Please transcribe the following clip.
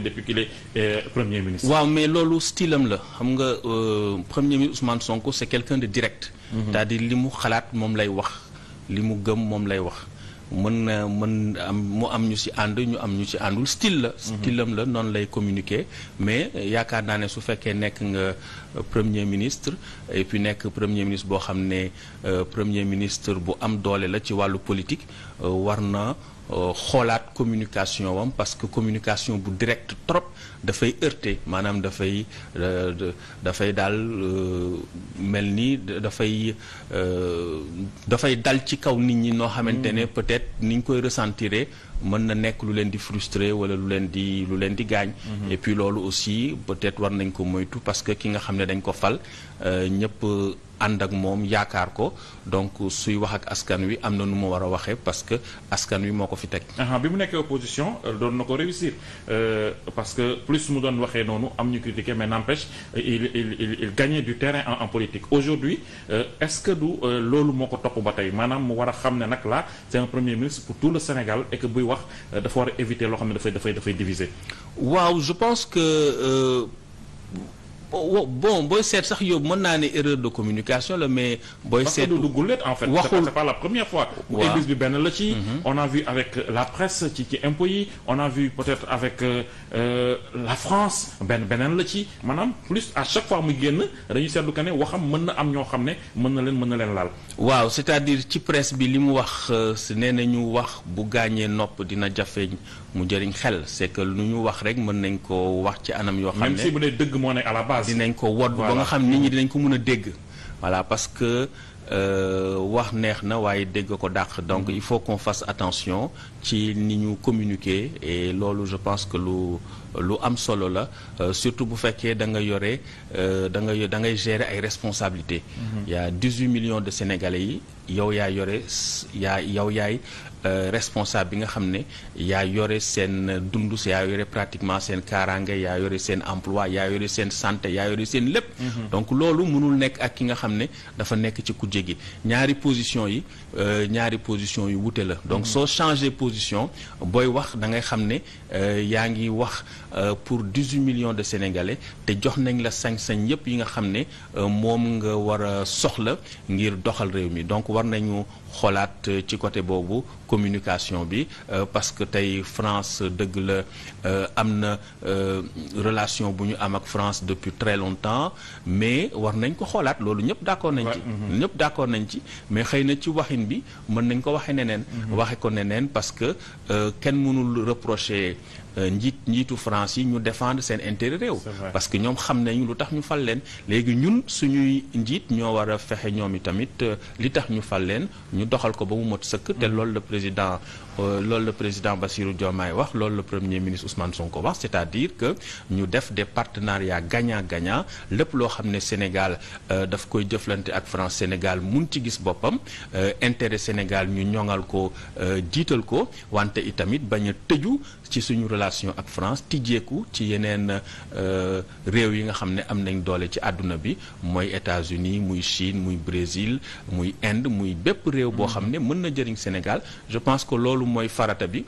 depuis qu'il est euh, premier ministre. waaw mais loolu style la xam nga euh, premier ministre Ousmane Sonko c'est quelqu'un de direct. Mhm. cest li mu xalaat moom lay wax li mu gëm moom lay wax. mën na mën am mu am ñu si ànd ñu am ñu si àndul style la. Mhm. style la noonu lay communiquer mais yaakaar naa ne su fekkee nekk nga euh, premier ministre et puis nekk premier ministre boo xam ne euh, premier ministre bu am doole la ci wàllu politique war na. xoolaat communication wam parce que communication bu direct trop dafay heurter maanaam dafay euh, dafay daal euh, mel ni dafay euh, dafay dal ci kaw nit ñi noo xamante ne mm. peut-être ni ñu koy ressentir mën na nekk lu leen di frustré wala lu leen di lu leen di gaañ mm-hmm. et puis loolu aussi peut-être war nañ ko moytu parce que ki nga xam ne dañ ko fal ñëpp ànd ak moom yaakaar ko donc suy wax ak askan wi am na nu ma war a waxee parce que askan wi moo ko fi teg. bi mu nekkee opposition euh, doon na ko réussir euh, parce que plus mu doon waxee noonu am ñu critiqué mais n'empêche il il du terrain en en politique. aujourd'hui euh, est-ce que du loolu moo ko topp ba tey maanaam mu war a xam ne nag là c'est un premier ministre pour tout le Sénégal et que buy wax dafa war a éviter loo xam ne dafay dafay dafay diviser. waaw je pense que. Oh, oh, bon booy seet sax yóbbu mën naa ne erreur de communication la mais. booy seet parce que fait. waxul c'est pas la première fois. waaw bu bi benn la ci. Mhm. on a vu avec la presse ci ci impôts yi on a vu peut-être avec. Euh, euh, France benn beneen la ci maanaam plus à chaque fois muy génn dañuy seetlu ne waxam mën na am ñoo xam ne mën na leen mën na leen laal. waaw c'est-à-dire ci presse bi li mu wax euh, nee ñu wax bu gaañee nopp dina jafe mu jëriñ xel c'est que lu ñu wax rek mën nañ ko wax ci anam yoo. xam ne même si bu dëgg moo ne à la dinañ ko wodd ba nga xam nit ñi dinañ ko mën a dégg. voilà parce Euh, wax neex na waaye dégg ko dàq donc il faut qu'on fasse attention ci ni ñu communiquer et loolu je pense que lu lu am solo la euh, surtout bu fekkee da nga yore euh, da nga da ngay gérer ay responsabilités mhm. il y a 18 de Sénégalais yi yow yaa yore yaa yow yaay responsable bi nga xam ne yaa yore seen dund yaa yore pratiquement seen kaaraange yaa yore seen emploi yaa yore seen santé yaa yore seen lépp mhm. donc loolu mënul nekk ak ki nga xam ne dafa nekk ci kujje mujj ñaari position yi euh, ñaari position yu wute la donc mm-hmm. soo changé position booy wax da ngay xam ne euh, yaa ngi wax euh, pour dix-huit millions de sénégalais te jox nañ la sañ-sañ yëpp yi nga xam ne moom nga war a soxla ngir doxal réew mi donc war nañu xoolaat ci côté boobu communication bi parce que tey France dëgg la am na relation bu ñu am ak France depuis très longtemps mais war nañ ko xoolaat loolu ñëpp d'accord nañ ci mm-hmm. ñëpp d'accord nañ ci mais xëy na ci waxin bi mën nañ ko waxe neneen mhm. waxe ko neneen parce que euh, kenn mënul reprocher Euh, njiit njiitu France yi ñu défendre seen intérêt réew parce que ñoom xam nañu lu tax ñu fal leen léegi ñun suñuy njiit ñoo war a fexe ñoom i tamit euh, li tax ñu fal leen ñu doxal ko ba mu mot sëkk te mm-hmm. loolu le président euh, loolu le président Bassirou Diomaye wax loolu la premier ministre Ousmane ko wax cest à diir que ñu def de partenariats gagnant-gagnant lépp loo xam ne Sénégal daf koy jëflante ak France Sénégal mun ci gis boppam intérêt Sénégal ñu ñoŋal ko jiital ko wante itamit bañ a tëju suñu relation ak France tijjeeku ci yeneen euh, réew yi nga xam ne am nañ doole ci àdduna bi mooy États-Unis muy Chine muy Brésil muy Inde muy bépp réew boo mm-hmm. xam ne mën na jëriñ Sénégal je pense que loolu mooy farata bi